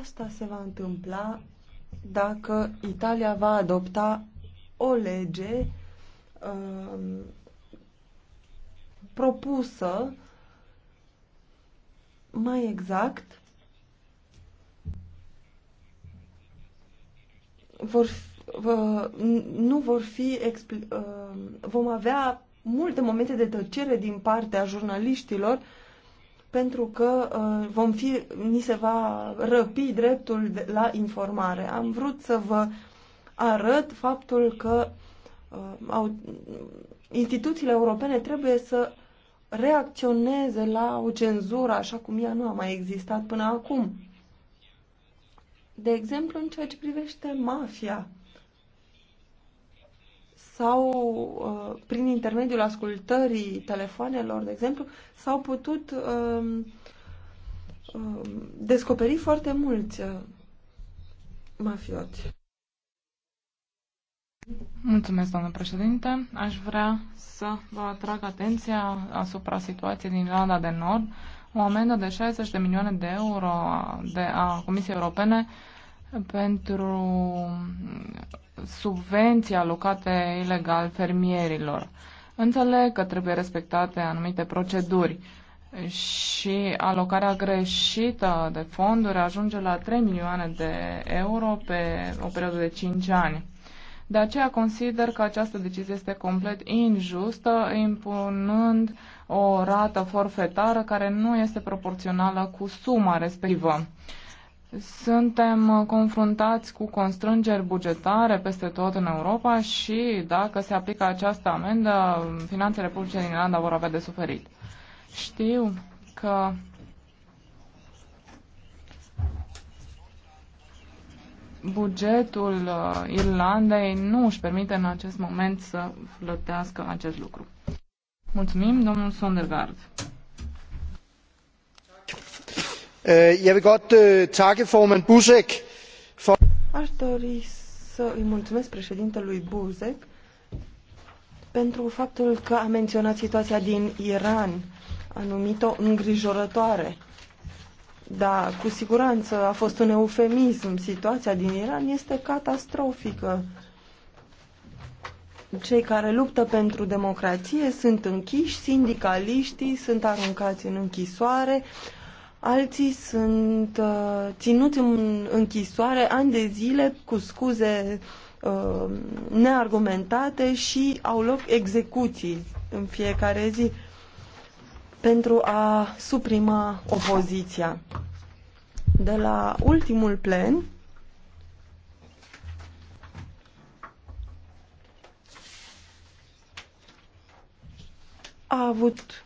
Asta se va întâmpla dacă Italia va adopta o lege um, propusă mai exact vor vă, nu vor fi expli, um, vom avea multe momente de tăcere din partea jurnaliștilor pentru că uh, vom fi, ni se va răpi dreptul la informare. Am vrut să vă arăt faptul că uh, au, instituțiile europene trebuie să reacționeze la o cenzură așa cum ea nu a mai existat până acum. De exemplu, în ceea ce privește mafia sau uh, prin intermediul ascultării telefoanelor, de exemplu, s-au putut uh, uh, descoperi foarte mulți uh, mafioți. Mulțumesc, doamnă președinte. Aș vrea să vă atrag atenția asupra situației din Irlanda de Nord. O amendă de 60 de milioane de euro de a Comisiei Europene pentru subvenții alocate ilegal fermierilor. Înțeleg că trebuie respectate anumite proceduri și alocarea greșită de fonduri ajunge la 3 milioane de euro pe o perioadă de 5 ani. De aceea consider că această decizie este complet injustă, impunând o rată forfetară care nu este proporțională cu suma respectivă. Suntem uh, confruntați cu constrângeri bugetare peste tot în Europa și dacă se aplică această amendă, finanțele publice din Irlanda vor avea de suferit. Știu că bugetul uh, Irlandei nu își permite în acest moment să flătească acest lucru. Mulțumim, domnul Sondergaard. Øh, jeg vil godt øh, takke formand Buzek for... Aș dori să îi mulțumesc președintelui Buzek pentru faptul că a menționat situația din Iran, a numit-o îngrijorătoare. Da, cu siguranță a fost un eufemism. Situația din Iran este catastrofică. Cei care luptă pentru democrație sunt închiși, sindicaliștii sunt aruncați în închisoare, alții sunt uh, ținuți în închisoare ani de zile cu scuze uh, neargumentate și au loc execuții în fiecare zi pentru a suprima opoziția. De la ultimul plen, a avut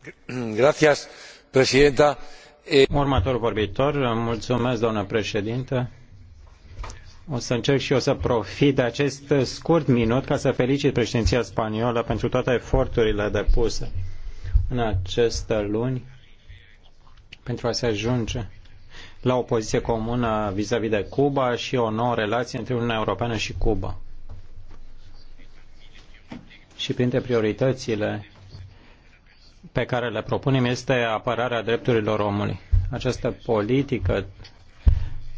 Eh, o să încerc și eu să profit de acest scurt minut ca să felicit președinția spaniolă pentru toate eforturile depuse în aceste luni pentru a se ajunge la o poziție comună vis a -vis de Cuba și o nouă relație între Uniunea Europeană și Cuba. Și printre prioritățile pe care le propunem este apărarea drepturilor omului. Această politică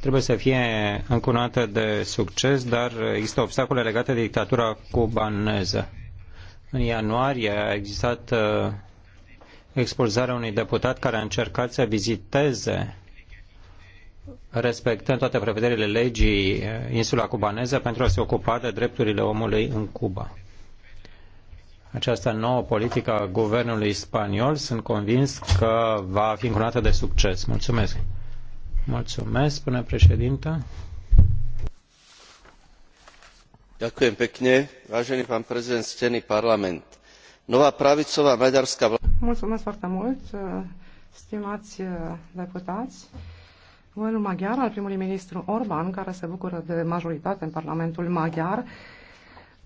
trebuie să fie încunată de succes, dar există obstacole legate de dictatura cubaneză. În ianuarie a existat uh, expulzarea unui deputat care a încercat să viziteze respectând toate prevederile legii uh, insula cubaneză pentru a se ocupa de drepturile omului în Cuba această nouă politică a guvernului spaniol. Sunt convins că va fi încurată de succes. Mulțumesc. Mulțumesc, spune președinte. Ďakujem pekne, vážený pán prezident, stený parlament. Nova pravicová maďarská vláda... Mulțumesc foarte mult, stimați deputați. Guvernul maghiar al primului ministru Orban, care se bucură de majoritate în Parlamentul maghiar,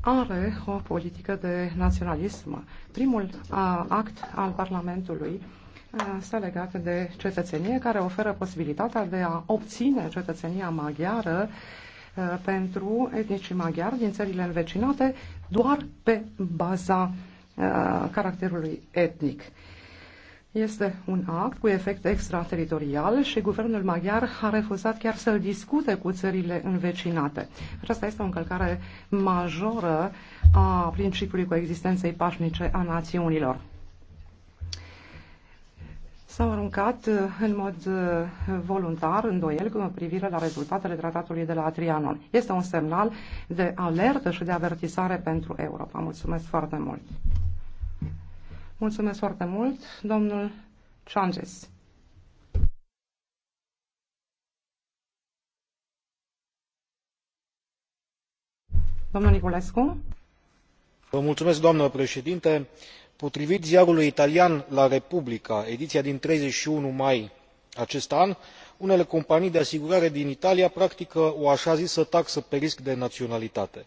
are o politică de naționalism. Primul act al Parlamentului s-a legat de cetățenie care oferă posibilitatea de a obține cetățenia maghiară pentru etnicii maghiari din țările învecinate doar pe baza caracterului etnic. Este un act cu efect extrateritorial și guvernul maghiar a refuzat chiar să-l discute cu țările învecinate. Aceasta este o încălcare majoră a principiului coexistenței pașnice a națiunilor. S-au aruncat uh, în mod uh, voluntar îndoiel cu privire la rezultatele tratatului de la Trianon. Este un semnal de alertă și de avertisare pentru Europa. Mulțumesc foarte mult! Mulțumesc foarte mult, domnul Changes. Domnul Niculescu. Vă mulțumesc, doamnă președinte. Potrivit ziarului italian La Repubblica, ediția din 31 mai acest an, unele companii de asigurare din Italia practică o așa zisă taxă pe risc de naționalitate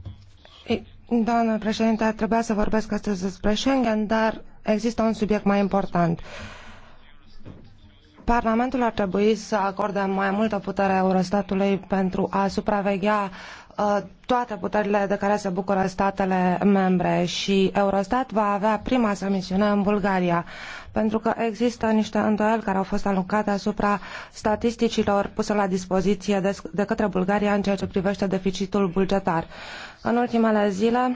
Doamnă președinte, trebuia să vorbesc astăzi despre Schengen, dar există un subiect mai important. Parlamentul ar trebui să acorde mai multă putere Eurostatului pentru a supraveghea Uh, toate puterile de care se bucură statele membre și Eurostat va avea prima sa misiune în Bulgaria, pentru că există niște îndoieli care au fost aluncate asupra statisticilor puse la dispoziție de, de către Bulgaria în ceea ce privește deficitul bugetar. În ultimele zile,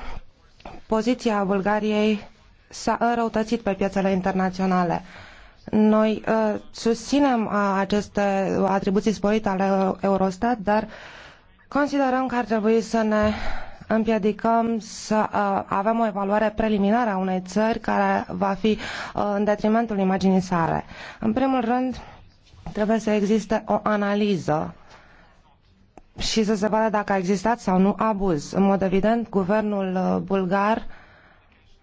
poziția Bulgariei s-a înrăutățit pe piețele internaționale. Noi uh, susținem uh, aceste atribuții sporite ale Eurostat, dar uh, Considerăm că ar trebui să ne împiedicăm să uh, avem o evaluare preliminară a unei țări care va fi uh, în detrimentul imaginii sale. În primul rând, trebuie să existe o analiză și să se vadă dacă a existat sau nu abuz. În mod evident, guvernul uh, bulgar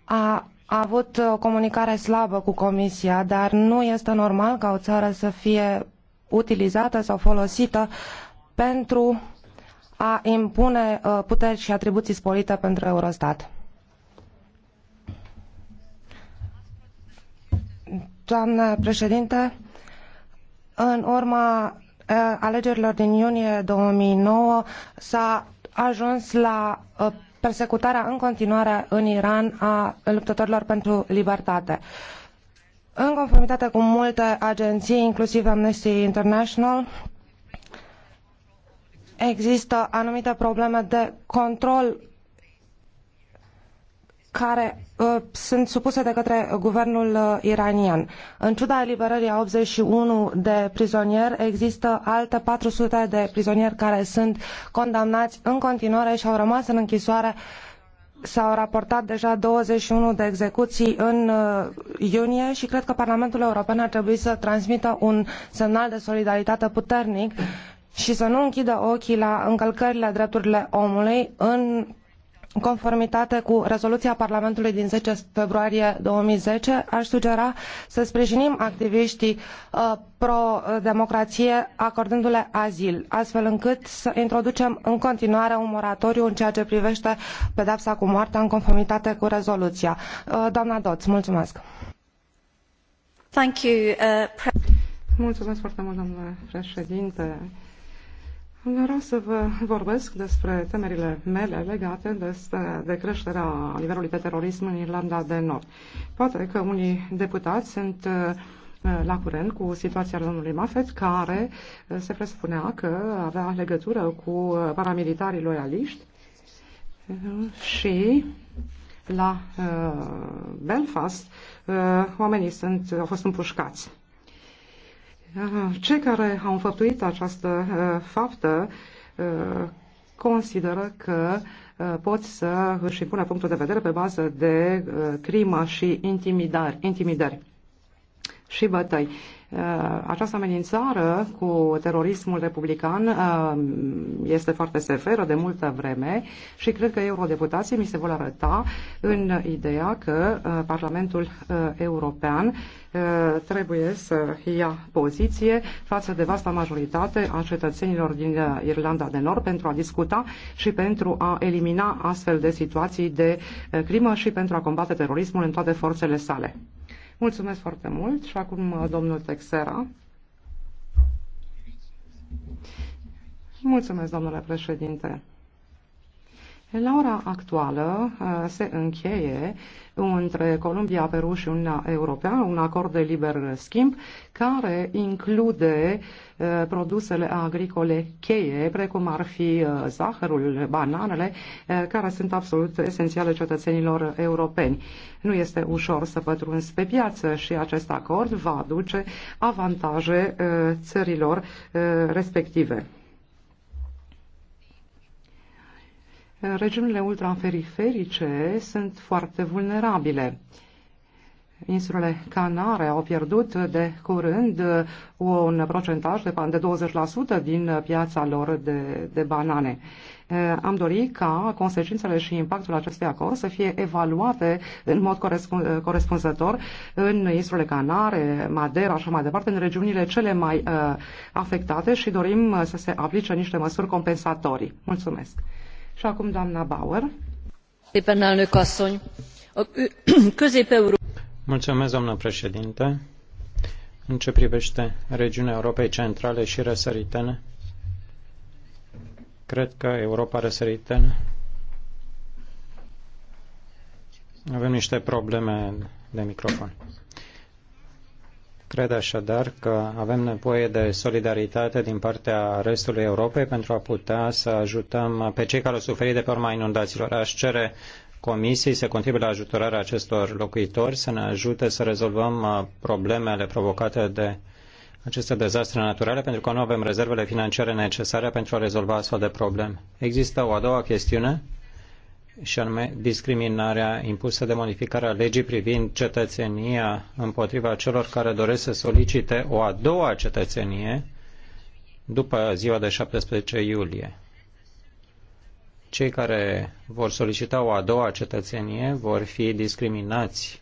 a avut o comunicare slabă cu Comisia, dar nu este normal ca o țară să fie utilizată sau folosită pentru a impune uh, puteri și atribuții sporite pentru Eurostat. Doamnă președinte, în urma uh, alegerilor din iunie 2009 s-a ajuns la uh, persecutarea în continuare în Iran a luptătorilor pentru libertate. În conformitate cu multe agenții, inclusiv Amnesty International, există anumite probleme de control care uh, sunt supuse de către guvernul uh, iranian. În ciuda eliberării a 81 de prizonieri, există alte 400 de prizonieri care sunt condamnați în continuare și au rămas în închisoare. S-au raportat deja 21 de execuții în uh, iunie și cred că Parlamentul European ar trebui să transmită un semnal de solidaritate puternic uh, și să nu închidă ochii la încălcările drepturilor omului în conformitate cu rezoluția Parlamentului din 10 februarie 2010, aș sugera să sprijinim activiștii uh, pro-democrație acordându-le azil, astfel încât să introducem în continuare un moratoriu în ceea ce privește pedepsa cu moartea în conformitate cu rezoluția. Uh, doamna Doț, mulțumesc! Thank you, uh, mulțumesc foarte mult, doamnă președinte. Vreau să vă vorbesc despre temerile mele legate despre, de creșterea nivelului de terorism în Irlanda de Nord. Poate că unii deputați sunt uh, la curent cu situația domnului Mafet, care uh, se presupunea că avea legătură cu uh, paramilitarii loialiști și la Belfast oamenii sunt, au fost împușcați. Ah, cei care au înfăptuit această eh, faptă eh, consideră că eh, pot să își pune punctul de vedere pe bază de crimă și intimidări. intimidări și bătăi. Uh, această amenințare cu terorismul republican uh, este foarte severă de multă vreme și cred că eurodeputații mi se vor arăta în ideea că uh, Parlamentul European trebuie să ia poziție față de vasta majoritate a cetățenilor din Irlanda de Nord pentru a discuta și pentru a elimina astfel de situații de crimă și pentru a combate terorismul în toate forțele sale. Mulțumesc foarte mult și acum uh, domnul Texera. Mulțumesc, domnule președinte. La ora actuală uh, se încheie între Columbia, Peru și Uniunea Europeană un acord de liber schimb care include uh, produsele agricole cheie, precum ar fi uh, zahărul, bananele, care sunt absolut esențiale cetățenilor europeni. Nu este ușor să pătrunzi pe piață și acest acord va aduce avantaje țărilor respective. regiunile ultraferiferice sunt foarte vulnerabile. Insulele Canare au pierdut de curând un procentaj de 20% din piața lor de, de banane. Am dorit ca consecințele și impactul acestui acord să fie evaluate în mod corespunzător în insulele Canare, Madeira, așa mai departe, în regiunile cele mai afectate și dorim să se aplice niște măsuri compensatorii. Mulțumesc! Și acum Bauer. Mulțumesc, doamnă președinte. În ce privește regiunea Europei Centrale și Răsăritene, cred că Europa Răsăritene avem niște probleme de microfon. Cred așadar că avem nevoie de solidaritate din partea restului Europei pentru a putea să ajutăm pe cei care au suferit de pe urma inundațiilor. Aș cere Comisiei să contribuie la ajutorarea acestor locuitori, să ne ajute să rezolvăm uh, problemele provocate de aceste dezastre naturale, pentru că nu avem rezervele financiare necesare pentru a rezolva astfel de probleme. Există o a doua chestiune și anume discriminarea impusă de modificarea legii privind cetățenia împotriva celor care doresc să solicite o a doua cetățenie după ziua de 17 iulie. Cei care vor solicita o a doua cetățenie vor fi discriminați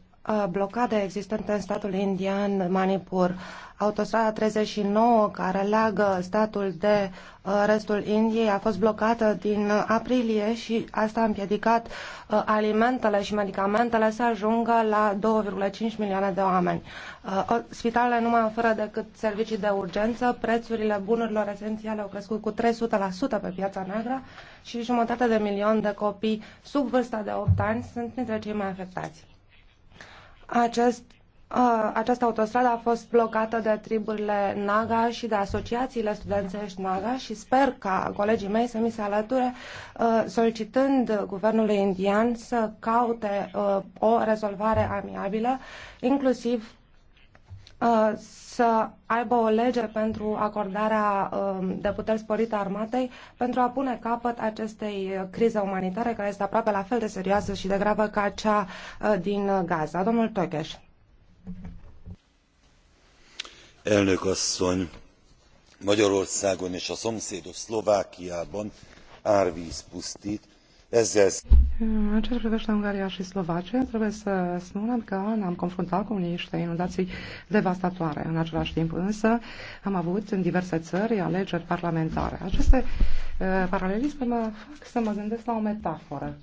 Uh, blocada existentă în statul indian Manipur, autostrada 39 care leagă statul de uh, restul Indiei a fost blocată din uh, aprilie și asta a împiedicat alimentele și medicamentele să ajungă la 2,5 milioane de oameni. Spitalele nu mai oferă decât servicii de urgență, prețurile bunurilor esențiale au crescut cu 300% pe piața neagră și jumătate de milion de copii sub vârsta de 8 ani sunt dintre cei mai afectați. Acest, uh, această autostradă a fost blocată de triburile Naga și de asociațiile studențești Naga și sper ca colegii mei să mi se alăture uh, solicitând guvernului indian să caute uh, o rezolvare amiabilă, inclusiv Uh, să aibă o lege pentru acordarea um, de puteri sporite armatei pentru a pune capăt acestei crize umanitare care este aproape la fel de serioasă și de gravă ca cea uh, din Gaza. Domnul Tocheș. Elnök asszony, Magyarországon és a szomszédos Szlovákiában árvíz pusztít, în ce privește Ungaria și Slovacia, trebuie să spunem că ne-am confruntat cu niște inundații devastatoare. În același timp însă am avut în diverse țări alegeri parlamentare. Aceste eh, paralelisme mă fac să mă gândesc la o metaforă.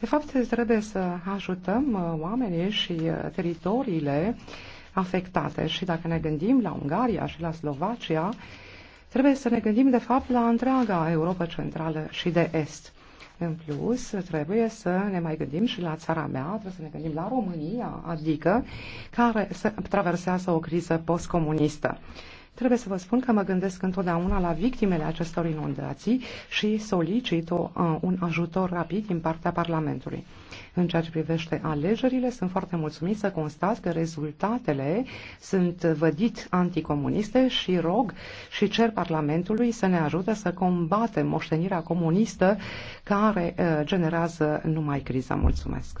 De fapt, trebuie să ajutăm eh, oamenii și eh, teritoriile afectate și dacă ne gândim la Ungaria și la Slovacia, Trebuie să ne gândim, de fapt, la întreaga Europa Centrală și de Est. În plus, trebuie să ne mai gândim și la țara mea, trebuie să ne gândim la România, adică care se traversează o criză postcomunistă. Trebuie să vă spun că mă gândesc întotdeauna la victimele acestor inundații și solicit uh, un ajutor rapid din partea Parlamentului. În ceea ce privește alegerile, sunt foarte mulțumit să constat că rezultatele sunt vădit anticomuniste și rog și cer Parlamentului să ne ajute să combatem moștenirea comunistă care uh, generează numai criza. Mulțumesc!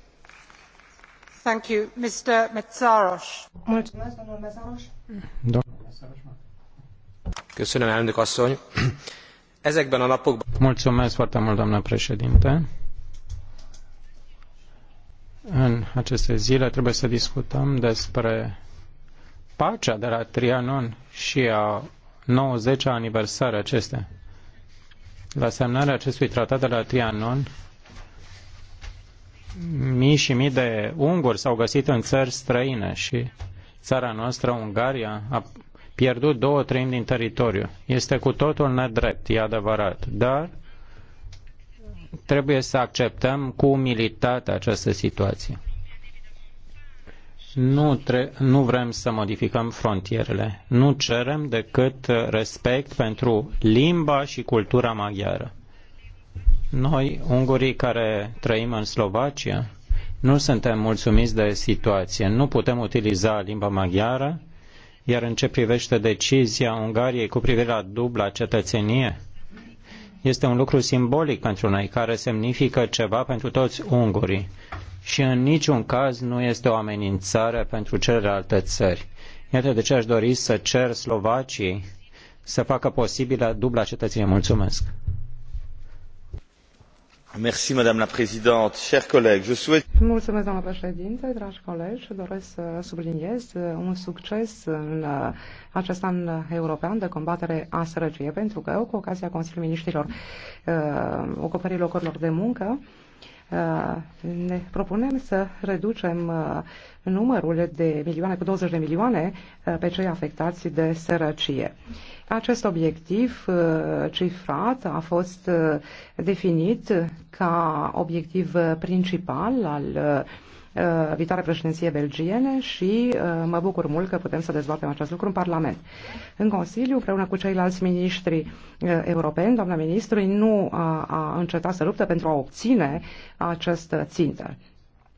Da. ezekben a napokban în aceste zile trebuie să discutăm despre pacea de la Trianon și a 90-a aniversare acestea. La semnarea acestui tratat de la Trianon, mii și mii de unguri s-au găsit în țări străine și țara noastră, Ungaria, a pierdut două treimi din teritoriu. Este cu totul nedrept, e adevărat, dar trebuie să acceptăm cu umilitate această situație. Nu, tre- nu vrem să modificăm frontierele. Nu cerem decât respect pentru limba și cultura maghiară. Noi, ungurii care trăim în Slovacia, nu suntem mulțumiți de situație. Nu putem utiliza limba maghiară, iar în ce privește decizia Ungariei cu privire la dubla cetățenie, este un lucru simbolic pentru noi, care semnifică ceva pentru toți ungurii și în niciun caz nu este o amenințare pentru celelalte țări. Iată de ce aș dori să cer Slovaciei să facă posibilă dubla cetățenie. Mulțumesc! doamnă președinte dragi colegi doresc să subliniez un succes în uh, acest an european de combatere a sărăciei pentru că cu ocazia consiliului miniștrilor uh, ocupării locurilor de muncă Uh, ne propunem să reducem uh, numărul de milioane cu 20 de milioane uh, pe cei afectați de sărăcie. Acest obiectiv cifrat a fost definit ca obiectiv principal al Uh, viitoare președinție belgiene și uh, mă bucur mult că putem să dezbatem acest lucru în Parlament. În Consiliu, împreună cu ceilalți miniștri uh, europeni, doamna ministru nu a, a încetat să luptă pentru a obține această țintă.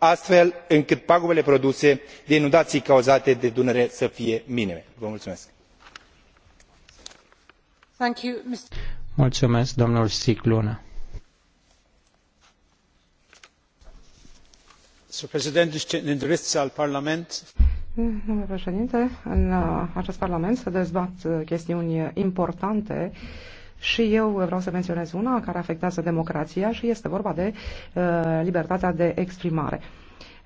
astfel încât pagubele produse de inundaii cauzate de dunăre să fie minime. Mm, domnule președinte, în uh, acest Parlament se dezbat uh, chestiuni importante și eu vreau să menționez una care afectează democrația și este vorba de uh, libertatea de exprimare.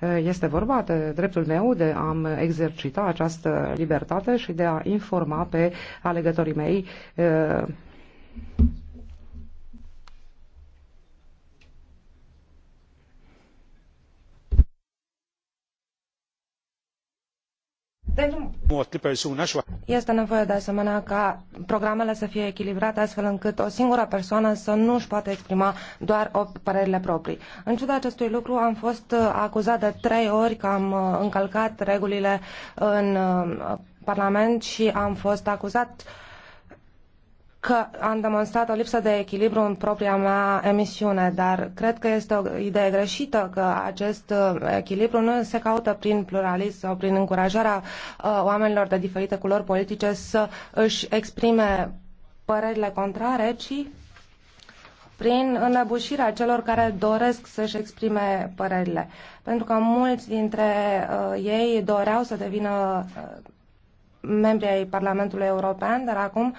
Uh, este vorba de dreptul meu de a exercita această libertate și de a informa pe alegătorii mei uh, Este nevoie de asemenea ca programele să fie echilibrate astfel încât o singură persoană să nu își poată exprima doar părerile proprii. În ciuda acestui lucru am fost uh, acuzat de trei ori că am uh, încălcat regulile în uh, Parlament și am fost acuzat că am demonstrat o lipsă de echilibru în propria mea emisiune, dar cred că este o idee greșită că acest uh, echilibru nu se caută prin pluralism sau prin încurajarea uh, oamenilor de diferite culori politice să își exprime părerile contrare, ci prin înăbușirea celor care doresc să-și exprime părerile. Pentru că mulți dintre uh, ei doreau să devină uh, membri ai Parlamentului European, dar acum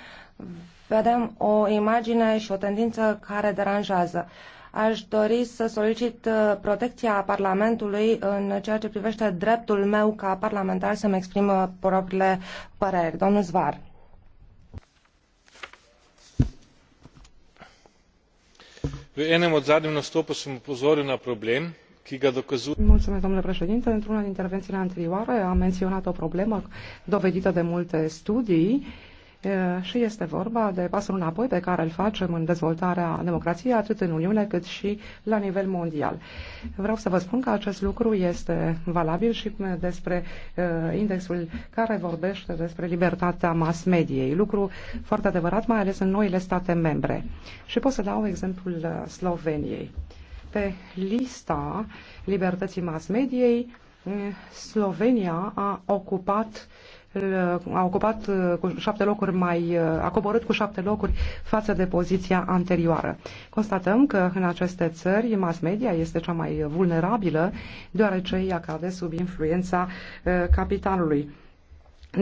vedem o imagine și o tendință care deranjează. Aș dori să solicit uh, protecția Parlamentului în ceea ce privește dreptul meu ca parlamentar să-mi exprim propriile păreri. Domnul Zvar. v enem od zadnjih nastopov sem upozoril na problem ki ga dokazuje. domnule președinte într una din intervențiile anterioare am menționat o problemă dovedită de multe studii și este vorba de pasul înapoi pe care îl facem în dezvoltarea democrației, atât în Uniune cât și la nivel mondial. Vreau să vă spun că acest lucru este valabil și despre indexul care vorbește despre libertatea mass mediei, lucru foarte adevărat, mai ales în noile state membre. Și pot să dau exemplul Sloveniei. Pe lista libertății mass mediei, Slovenia a ocupat a ocupat uh, cu șapte locuri mai, uh, a coborât cu șapte locuri față de poziția anterioară. Constatăm că în aceste țări mass media este cea mai vulnerabilă, deoarece ea cade sub influența uh, capitalului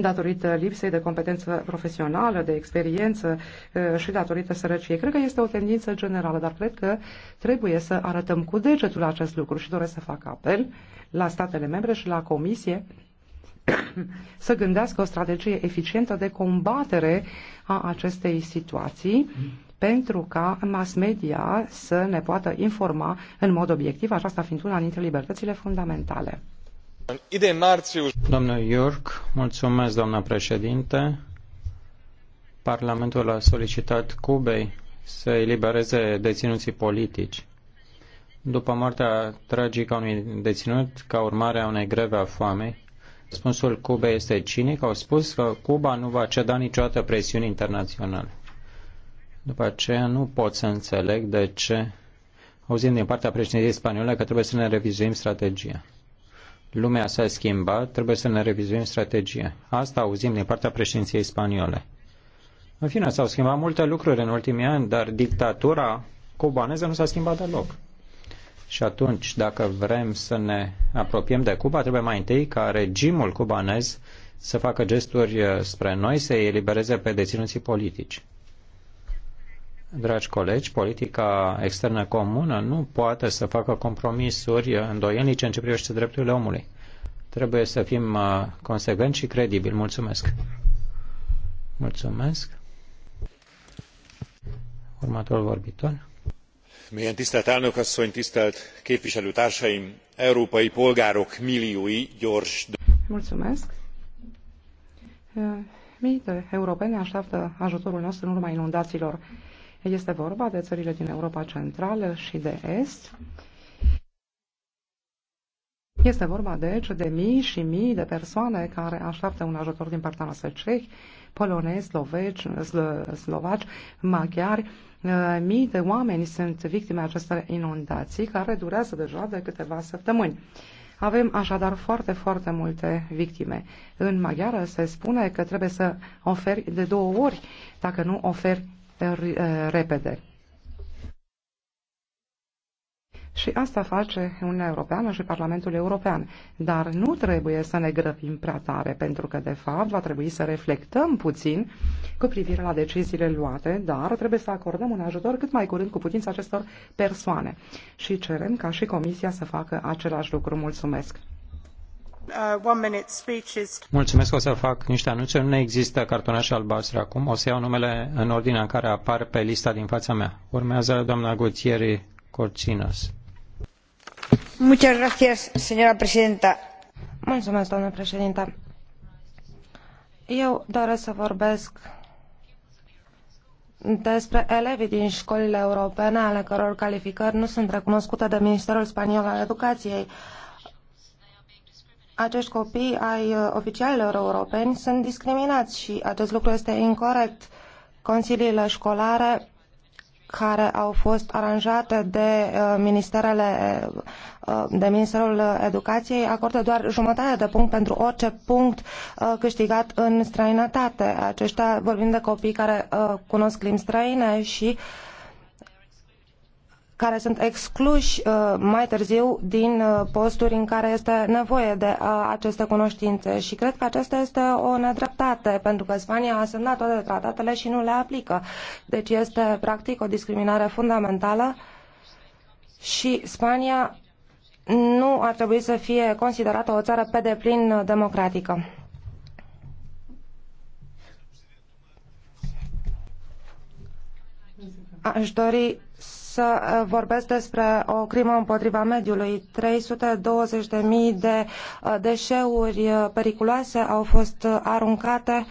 datorită lipsei de competență profesională, de experiență și datorită sărăciei. Cred că este o tendință generală, dar cred că trebuie să arătăm cu degetul acest lucru și doresc să fac apel la statele membre și la Comisie să gândească o strategie eficientă de combatere a acestei situații pentru ca mass media să ne poată informa în mod obiectiv, aceasta fiind una dintre libertățile fundamentale. Doamnă York, mulțumesc, doamna președinte. Parlamentul a solicitat Cubei să elibereze deținuții politici. După moartea tragică a unui deținut, ca urmare a unei greve a foamei, Răspunsul Cubei este cinic. Au spus că Cuba nu va ceda niciodată presiuni internaționale. După aceea nu pot să înțeleg de ce auzim din partea președinției spaniole că trebuie să ne revizuim strategia. Lumea s-a schimbat, trebuie să ne revizuim strategia. Asta auzim din partea președinției spaniole. În fine, s-au schimbat multe lucruri în ultimii ani, dar dictatura cubaneză nu s-a schimbat deloc. Și atunci, dacă vrem să ne apropiem de Cuba, trebuie mai întâi ca regimul cubanez să facă gesturi uh, spre noi, să îi elibereze pe deținuții politici. Dragi colegi, politica externă comună nu poate să facă compromisuri îndoielnice în ce privește drepturile omului. Trebuie să fim uh, consecvenți și credibili. Mulțumesc. Mulțumesc. Următorul vorbitor mélyen tisztelt elnök asszony tisztelt képviselőtársaim! európai polgárok milliói gyors. mii de așteaptă ajutorul nostru în urma inundațiilor. Este vorba de țările din Europa Centrală și de Est. Este vorba, deci, de mii și mii de persoane care așteaptă un ajutor din partea noastră cehi polonezi, sloveci, slo, slovaci, maghiari. Eh, mii de oameni sunt victime acestor inundații care durează deja de câteva săptămâni. Avem așadar foarte, foarte multe victime. În maghiară se spune că trebuie să oferi de două ori, dacă nu oferi eh, eh, repede. Și asta face Uniunea Europeană și Parlamentul European. Dar nu trebuie să ne grăbim prea tare, pentru că, de fapt, va trebui să reflectăm puțin cu privire la deciziile luate, dar trebuie să acordăm un ajutor cât mai curând cu putință acestor persoane. Și cerem ca și Comisia să facă același lucru. Mulțumesc! Uh, Mulțumesc, o să fac niște anunțuri. Nu există cartonașe albastre acum. O să iau numele în ordinea în care apar pe lista din fața mea. Urmează doamna Gutieri Corcinas. Mulțumesc, doamnă Eu doresc să vorbesc despre elevii din școlile europene, ale căror calificări nu sunt recunoscute de Ministerul Spaniol al Educației. Acești copii ai uh, oficialilor europeni sunt discriminați și acest lucru este incorect. Consiliile școlare care au fost aranjate de uh, ministerele uh, de Ministerul Educației acordă doar jumătate de punct pentru orice punct uh, câștigat în străinătate. Aceștia vorbim de copii care cunosc limbi străine și uh, care sunt excluși uh, mai târziu din uh, posturi în care este nevoie de uh, aceste cunoștințe și cred că aceasta este o nedreptate pentru că Spania a semnat toate tratatele și nu le aplică. Deci este practic o discriminare fundamentală și Spania nu ar trebui să fie considerată o țară pe deplin democratică. Aș dori să uh, vorbesc despre o crimă împotriva mediului. 320.000 de uh, deșeuri uh, periculoase au fost aruncate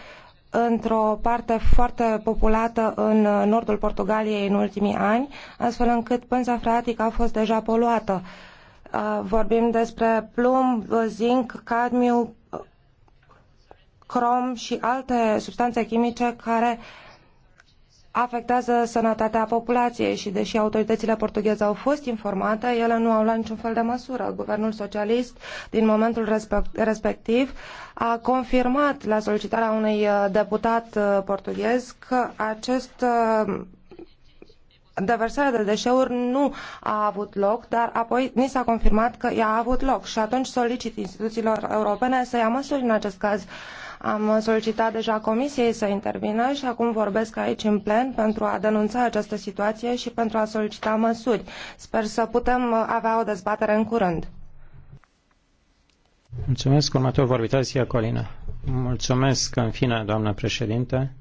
într-o parte foarte populată în nordul Portugaliei în ultimii ani, astfel încât pânza freatică a fost deja poluată. Vorbim despre plumb, zinc, cadmiu, crom și alte substanțe chimice care afectează sănătatea populației și deși autoritățile portugheze au fost informate, ele nu au luat niciun fel de măsură. Guvernul socialist din momentul respectiv a confirmat la solicitarea unui uh, deputat uh, portughez că acest uh, deversarea de deșeuri nu a avut loc, dar apoi ni s-a confirmat că ea a avut loc și atunci solicit instituțiilor europene să ia măsuri în acest caz uh, am solicitat deja Comisiei să intervină și acum vorbesc aici în plen pentru a denunța această situație și pentru a solicita măsuri. Sper să putem avea o dezbatere în curând. Mulțumesc. Următorul vorbitor, Sia Colina. Mulțumesc, în fine, doamnă președinte.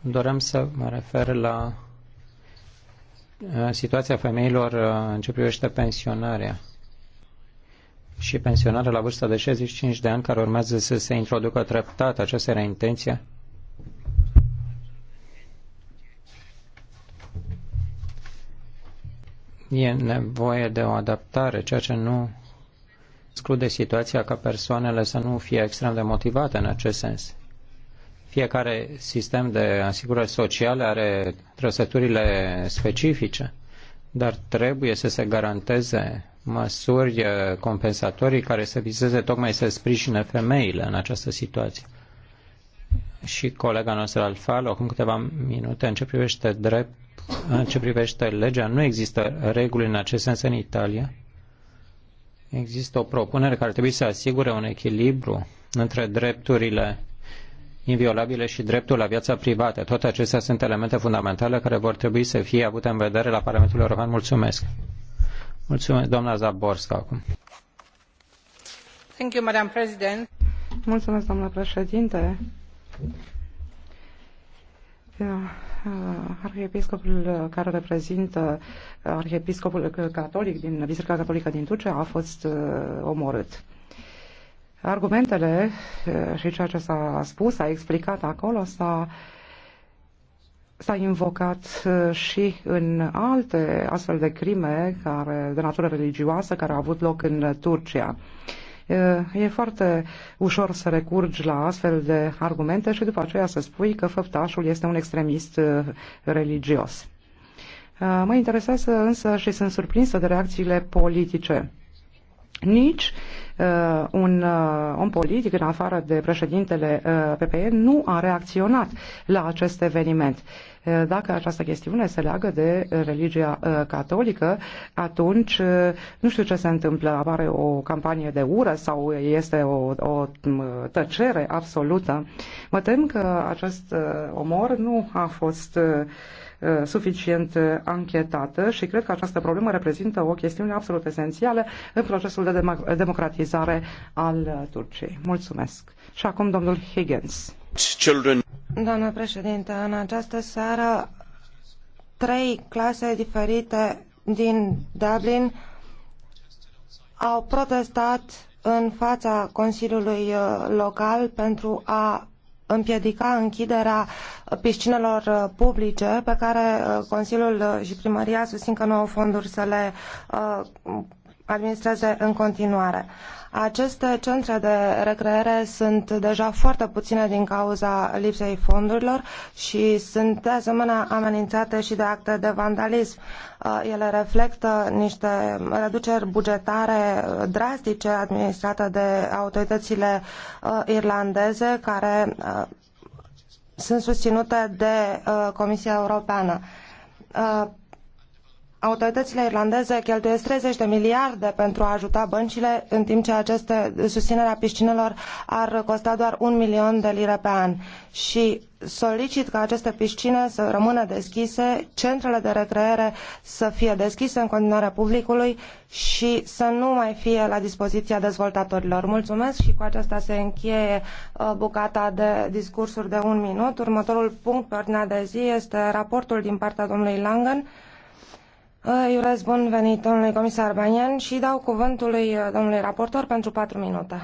Doream să mă refer la situația femeilor uh, în ce privește pensionarea și pensionare la vârsta de 65 de ani care urmează să se introducă treptat. Aceasta era intenția. E nevoie de o adaptare, ceea ce nu exclude situația ca persoanele să nu fie extrem de motivate în acest sens. Fiecare sistem de asigurări sociale are trăsăturile specifice, dar trebuie să se garanteze măsuri eh, compensatorii care să vizeze tocmai să sprijine femeile în această situație. Și colega noastră Alfalo, acum câteva minute, în ce privește drept, în ce privește legea, nu există reguli în acest sens în Italia. Există o propunere care trebuie să asigure un echilibru între drepturile inviolabile și dreptul la viața privată. Toate acestea sunt elemente fundamentale care vor trebui să fie avute în vedere la Parlamentul European. Mulțumesc! Mulțumesc, doamna Zaborska, acum. Thank you, Madam President. Mulțumesc, doamna președinte. Uh, arhiepiscopul care reprezintă uh, arhiepiscopul catolic din Biserica Catolică din Turcia a fost uh, omorât. Argumentele și ceea ce s-a spus, a explicat acolo, s-a uh, s-a invocat uh, și în alte astfel de crime care, de natură religioasă care au avut loc în Turcia. Uh, e foarte ușor să recurgi la astfel de argumente și după aceea să spui că făptașul este un extremist uh, religios. Mă interesează însă și sunt surprinsă de reacțiile politice nici uh, un uh, om politic, în afară de președintele uh, PPE, nu a reacționat la acest eveniment. Uh, dacă această chestiune se leagă de religia uh, catolică, atunci uh, nu știu ce se întâmplă, apare o campanie de ură sau este o, o tăcere absolută. Mă tem că acest uh, omor nu a fost uh, Uh, suficient uh, anchetată și cred că această problemă reprezintă o chestiune absolut esențială în procesul de democratizare al uh, Turciei. Mulțumesc. Și acum domnul Higgins. Children. Doamnă președinte, în această seară trei clase diferite din Dublin au protestat în fața Consiliului Local pentru a împiedica închiderea piscinelor uh, publice pe care uh, Consiliul uh, și primăria susțin că nu au fonduri să le administreze în continuare. Aceste centre de recreere sunt deja foarte puține din cauza lipsei fondurilor și sunt de asemenea amenințate și de acte de vandalism. Uh, ele reflectă niște reduceri bugetare drastice administrate de autoritățile uh, irlandeze care uh, sunt susținute de Comisia Europeană autoritățile irlandeze cheltuiesc 30 de miliarde pentru a ajuta băncile, în timp ce aceste susținerea piscinelor ar costa doar un milion de lire pe an. Și solicit ca aceste piscine să rămână deschise, centrele de recreere să fie deschise în continuare publicului și să nu mai fie la dispoziția dezvoltatorilor. Mulțumesc și cu aceasta se încheie uh, bucata de discursuri de un minut. Următorul punct pe ordinea de zi este raportul din partea domnului Langen îi urez bun venit domnule comisar Banian și dau cuvântul lui domnului raportor pentru patru minute.